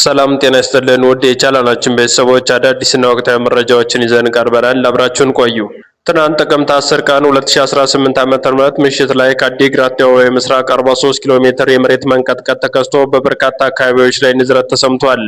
ሰላም ጤና ይስጥልን ውድ የቻናላችን ቤተሰቦች አዳዲስና ወቅታዊ መረጃዎችን ይዘን ቀርበናል። አብራችሁን ቆዩ። ትናንት ጥቅምት 10 ቀን 2018 ዓ.ም ምሽት ላይ ከአዲግራት ደቡባዊ ምስራቅ 43 ኪሎ ሜትር የመሬት መንቀጥቀጥ ተከስቶ በበርካታ አካባቢዎች ላይ ንዝረት ተሰምቷል።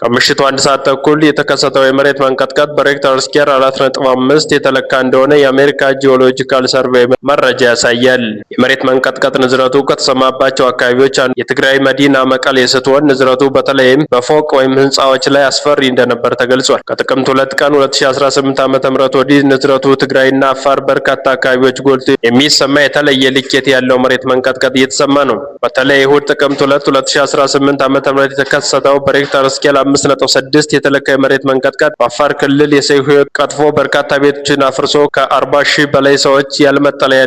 ከምሽቱ አንድ ሰዓት ተኩል የተከሰተው የመሬት መንቀጥቀጥ በሬክተር ስኬል 4.5 የተለካ እንደሆነ የአሜሪካ ጂኦሎጂካል ሰርቬይ መረጃ ያሳያል። የመሬት መንቀጥቀጥ ንዝረቱ ከተሰማባቸው አካባቢዎች አንዱ የትግራይ መዲና መቀሌ ስትሆን ንዝረቱ በተለይም በፎቅ ወይም ህንፃዎች ላይ አስፈሪ እንደነበር ተገልጿል። ከጥቅምት ሁለት ቀን 2018 ዓ ም ወዲህ ንዝረቱ ትግራይና አፋር በርካታ አካባቢዎች ጎልቶ የሚሰማ የተለየ ልኬት ያለው መሬት መንቀጥቀጥ እየተሰማ ነው። በተለይ እሁድ ጥቅምት 2 2018 ዓ ም የተከሰተው በሬክተር ስኬል በአምስት ነጥብ ስድስት የተለካ የመሬት መንቀጥቀጥ በአፋር ክልል የሰው ህይወት ቀጥፎ በርካታ ቤቶችን አፍርሶ ከአርባ ሺህ በላይ ሰዎች ያለ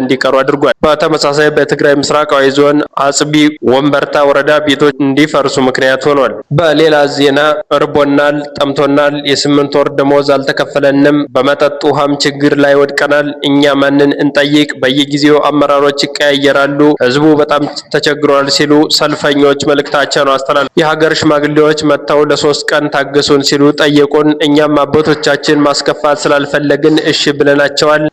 እንዲቀሩ አድርጓል። በተመሳሳይ በትግራይ ምስራቃዊ ዞን አጽቢ ወንበርታ ወረዳ ቤቶች እንዲፈርሱ ምክንያት ሆኗል። በሌላ ዜና እርቦናል፣ ጠምቶናል፣ የስምንት ወር ደሞዝ አልተከፈለንም፣ በመጠጥ ውሃም ችግር ላይ ወድቀናል፣ እኛ ማንን እንጠይቅ? በየጊዜው አመራሮች ይቀያየራሉ፣ ህዝቡ በጣም ተቸግሯል ሲሉ ሰልፈኞች መልእክታቸውን አስተላል የሀገር ሽማግሌዎች መጥተው ለሶ ሶስት ቀን ታገሱን ሲሉ ጠየቁን። እኛም አባቶቻችን ማስከፋት ስላልፈለግን እሺ ብለናቸዋል።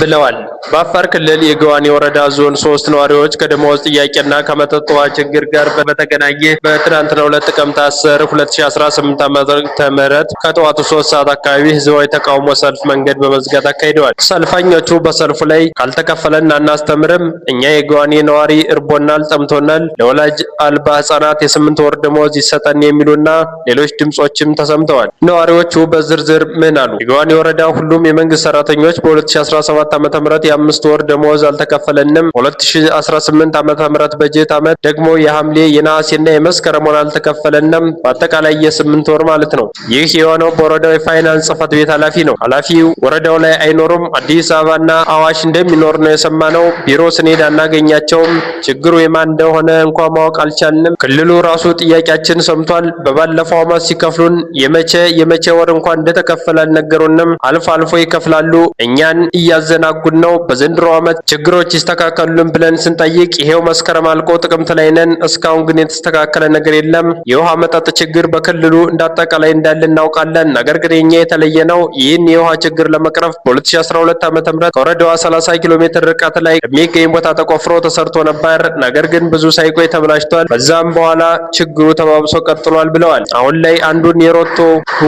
ብለዋል። በአፋር ክልል የገዋኔ ወረዳ ዞን ሶስት ነዋሪዎች ከደመወዝ ጥያቄና ከመጠጥ ውሃ ችግር ጋር በተገናኘ በትናንትናው ዕለት ጥቅምት 10 2018 ዓ.ም ከጠዋቱ ሶስት ሰዓት አካባቢ ህዝባዊ ተቃውሞ ሰልፍ መንገድ በመዝጋት አካሂደዋል። ሰልፈኞቹ በሰልፉ ላይ ካልተከፈለን አናስተምርም፣ እኛ የገዋኔ ነዋሪ እርቦናል፣ ጠምቶናል፣ ለወላጅ አልባ ህጻናት የስምንት ወር ደሞዝ ይሰጠን የሚሉና ሌሎች ድምጾችም ተሰምተዋል። ነዋሪዎቹ በዝርዝር ምን አሉ? የገዋኔ ወረዳ ሁሉም የመንግስት ሰራተኞች በ2017 2017 ዓ ም የአምስት ወር ደመወዝ አልተከፈለንም። 2018 ዓ ም በጀት ዓመት ደግሞ የሐምሌ የነሐሴና የመስከረም ወር አልተከፈለንም። በአጠቃላይ የስምንት ወር ማለት ነው። ይህ የሆነው በወረዳው የፋይናንስ ጽህፈት ቤት ኃላፊ ነው። ኃላፊው ወረዳው ላይ አይኖሩም፣ አዲስ አበባና አዋሽ እንደሚኖር ነው የሰማነው። ቢሮ ስንሄድ አናገኛቸውም። ችግሩ የማን እንደሆነ እንኳ ማወቅ አልቻልንም። ክልሉ ራሱ ጥያቄያችን ሰምቷል። በባለፈው ዓመት ሲከፍሉን የመቼ የመቼ ወር እንኳን እንደተከፈለ አልነገሩንም። አልፎ አልፎ ይከፍላሉ። እኛን እያዘ እያዘናጉን ነው። በዘንድሮ ዓመት ችግሮች ይስተካከሉልን ብለን ስንጠይቅ ይሄው መስከረም አልቆ ጥቅምት ላይ ነን። እስካሁን ግን የተስተካከለ ነገር የለም። የውሃ መጠጥ ችግር በክልሉ እንዳጠቃላይ እንዳለ እናውቃለን። ነገር ግን የኛ የተለየ ነው። ይህን የውሃ ችግር ለመቅረፍ በ2012 ዓ ም ከወረዳዋ 30 ኪሎ ሜትር ርቀት ላይ የሚገኝ ቦታ ተቆፍሮ ተሰርቶ ነበር። ነገር ግን ብዙ ሳይቆይ ተበላሽቷል። በዛም በኋላ ችግሩ ተባብሶ ቀጥሏል ብለዋል። አሁን ላይ አንዱን የሮቶ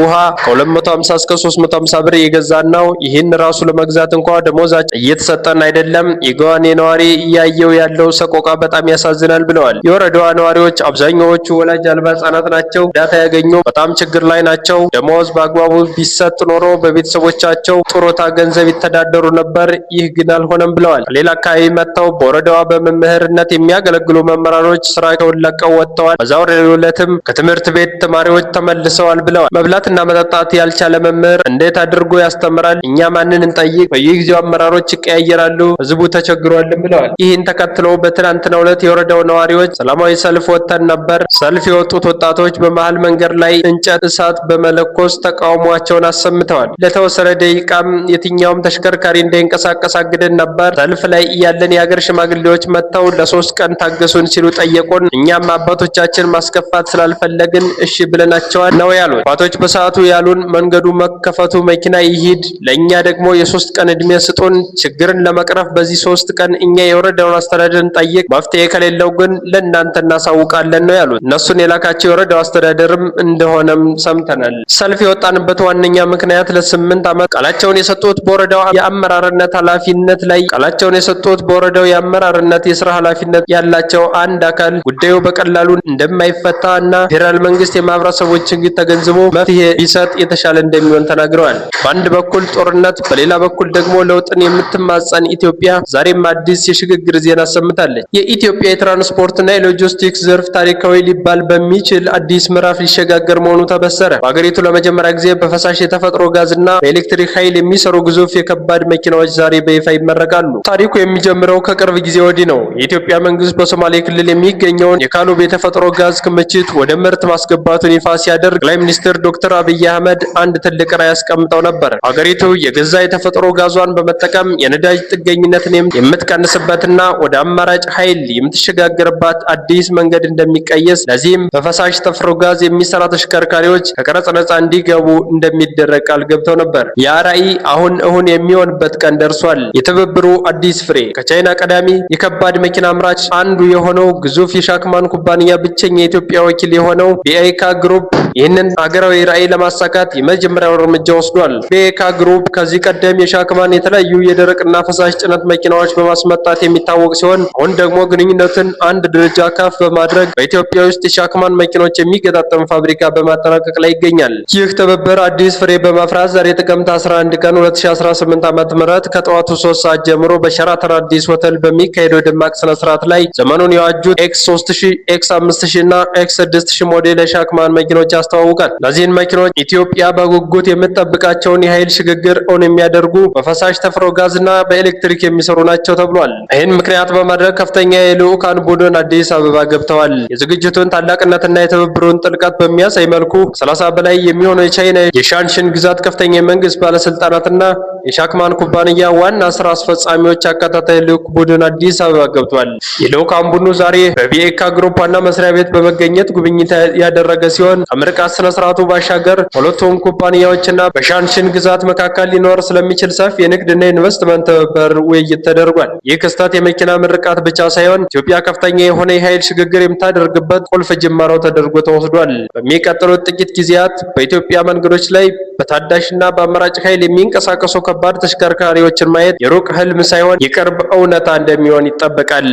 ውሃ ከ250 እስከ 350 ብር የገዛ ነው። ይህን ራሱ ለመግዛት እንኳ ደሞዛቸው እየተሰጠን አይደለም። የገዋኔ ነዋሪ እያየው ያለው ሰቆቃ በጣም ያሳዝናል ብለዋል። የወረዳዋ ነዋሪዎች አብዛኛዎቹ ወላጅ አልባ ህጻናት ናቸው። እርዳታ ያገኙ በጣም ችግር ላይ ናቸው። ደሞዝ በአግባቡ ቢሰጥ ኖሮ በቤተሰቦቻቸው ጡረታ ገንዘብ ይተዳደሩ ነበር። ይህ ግን አልሆነም ብለዋል። ከሌላ አካባቢ መጥተው በወረዳዋ በመምህርነት የሚያገለግሉ መምህራኖች ስራቸውን ለቀው ወጥተዋል። በዛው ዕለትም ከትምህርት ቤት ተማሪዎች ተመልሰዋል ብለዋል። መብላትና መጠጣት ያልቻለ መምህር እንዴት አድርጎ ያስተምራል? እኛ ማንን እንጠይቅ? በየጊዜው አመራሮች ይቀያየራሉ፣ ህዝቡ ተቸግሯልም ብለዋል። ይህን ተከትሎ በትናንትናው ዕለት የወረዳው ነዋሪዎች ሰላማዊ ሰልፍ ወጥተን ነበር። ሰልፍ የወጡት ወጣቶች በመሀል መንገድ ላይ እንጨት እሳት በመለኮስ ተቃውሟቸውን አሰምተዋል። ለተወሰነ ደቂቃም የትኛውም ተሽከርካሪ እንዳይንቀሳቀስ አግደን ነበር። ሰልፍ ላይ እያለን የሀገር ሽማግሌዎች መጥተው ለሶስት ቀን ታገሱን ሲሉ ጠየቁን። እኛም አባቶቻችን ማስከፋት ስላልፈለግን እሺ ብለናቸዋል ነው ያሉት። አባቶች በሰዓቱ ያሉን መንገዱ መከፈቱ መኪና ይሂድ፣ ለእኛ ደግሞ የሶስት ቀን ዕድሜ ስጡን። ችግርን ለመቅረፍ በዚህ ሶስት ቀን እኛ የወረዳውን አስተዳደር እንጠይቅ፣ መፍትሄ ከሌለው ግን ለእናንተ እናሳውቃለን ነው ያሉት። እነሱን የላካቸው የወረዳው አስተዳደርም እንደሆነም ሰምተናል። ሰልፍ የወጣንበት ዋነኛ ምክንያት ለስምንት ዓመት ቃላቸውን የሰጡት በወረዳው የአመራርነት ኃላፊነት ላይ ቃላቸውን የሰጡት በወረዳው የአመራርነት የስራ ኃላፊነት ያላቸው አንድ አካል ጉዳዩ በቀላሉ እንደማይፈታ እና ፌዴራል መንግስት የማህበረሰቦች ችግር ተገንዝቦ መፍትሄ ቢሰጥ የተሻለ እንደሚሆን ተናግረዋል። በአንድ በኩል ጦርነት፣ በሌላ በኩል ደግሞ ለ ለውጥን የምትማጸን ኢትዮጵያ ዛሬም አዲስ የሽግግር ዜና አሰምታለች። የኢትዮጵያ የትራንስፖርትና የሎጂስቲክስ ዘርፍ ታሪካዊ ሊባል በሚችል አዲስ ምዕራፍ ሊሸጋገር መሆኑ ተበሰረ። በሀገሪቱ ለመጀመሪያ ጊዜ በፈሳሽ የተፈጥሮ ጋዝና በኤሌክትሪክ ኃይል የሚሰሩ ግዙፍ የከባድ መኪናዎች ዛሬ በይፋ ይመረቃሉ። ታሪኩ የሚጀምረው ከቅርብ ጊዜ ወዲህ ነው። የኢትዮጵያ መንግስት በሶማሌ ክልል የሚገኘውን የካሉብ የተፈጥሮ ጋዝ ክምችት ወደ ምርት ማስገባቱን ይፋ ሲያደርግ ጠቅላይ ሚኒስትር ዶክተር አብይ አህመድ አንድ ትልቅ ራዕይ አስቀምጠው ነበር። ሀገሪቱ የገዛ የተፈጥሮ ጋዟን በመጠቀም የነዳጅ ጥገኝነትን የምትቀንስበትና ወደ አማራጭ ኃይል የምትሸጋገርባት አዲስ መንገድ እንደሚቀየስ፣ ለዚህም በፈሳሽ ተፈጥሮ ጋዝ የሚሰራ ተሽከርካሪዎች ከቀረጽ ነጻ እንዲገቡ እንደሚደረግ ቃል ገብተው ነበር። ያ ራዕይ አሁን እሁን የሚሆንበት ቀን ደርሷል። የትብብሩ አዲስ ፍሬ ከቻይና ቀዳሚ የከባድ መኪና አምራች አንዱ የሆነው ግዙፍ የሻክማን ኩባንያ ብቸኛ የኢትዮጵያ ወኪል የሆነው ቢአይካ ግሩፕ ይህንን አገራዊ ራዕይ ለማሳካት የመጀመሪያው እርምጃ ወስዷል። በየካ ግሩፕ ከዚህ ቀደም የሻክማን የተለያዩ የደረቅና ፈሳሽ ጭነት መኪናዎች በማስመጣት የሚታወቅ ሲሆን አሁን ደግሞ ግንኙነትን አንድ ደረጃ ከፍ በማድረግ በኢትዮጵያ ውስጥ የሻክማን መኪኖች የሚገጣጠም ፋብሪካ በማጠናቀቅ ላይ ይገኛል። ይህ ትብብር አዲስ ፍሬ በማፍራት ዛሬ ጥቅምት 11 ቀን 2018 ዓ ም ከጠዋቱ 3 ሰዓት ጀምሮ በሸራተን አዲስ ሆቴል በሚካሄደው ደማቅ ስነስርዓት ላይ ዘመኑን የዋጁት ኤክስ 3000 ኤክስ 5000 እና ኤክስ 6000 ሞዴል የሻክማን መኪኖች አስተዋውቃል። እነዚህን መኪኖች ኢትዮጵያ በጉጉት የምትጠብቃቸውን የኃይል ሽግግር ኦን የሚያደርጉ በፈሳሽ ተፍሮ ጋዝ እና በኤሌክትሪክ የሚሰሩ ናቸው ተብሏል። ይህን ምክንያት በማድረግ ከፍተኛ የልዑካን ቡድን አዲስ አበባ ገብተዋል። የዝግጅቱን ታላቅነትና የትብብሩን ጥልቀት በሚያሳይ መልኩ ከሰላሳ በላይ የሚሆነው የቻይና የሻንሽን ግዛት ከፍተኛ የመንግስት ባለስልጣናትና የሻክማን ኩባንያ ዋና ስራ አስፈጻሚዎች አካታታይ ልዑክ ቡድን አዲስ አበባ ገብቷል። የልዑካን ቡድኑ ዛሬ በቢኤካ ግሩፕ ዋና መስሪያ ቤት በመገኘት ጉብኝት ያደረገ ሲሆን ከምርቃት ስነ ስርዓቱ ባሻገር ሁለቱም ኩባንያዎችና በሻንሽን ግዛት መካከል ሊኖር ስለሚችል ሰፊ የንግድና ኢንቨስትመንት ትብብር ውይይት ተደርጓል። ይህ ክስተት የመኪና ምርቃት ብቻ ሳይሆን ኢትዮጵያ ከፍተኛ የሆነ የኃይል ሽግግር የምታደርግበት ቁልፍ ጅማሮ ተደርጎ ተወስዷል። በሚቀጥሉት ጥቂት ጊዜያት በኢትዮጵያ መንገዶች ላይ በታዳሽና በአማራጭ ኃይል የሚንቀሳቀሱ ከባድ ተሽከርካሪዎችን ማየት የሩቅ ህልም ሳይሆን የቅርብ እውነታ እንደሚሆን ይጠበቃል።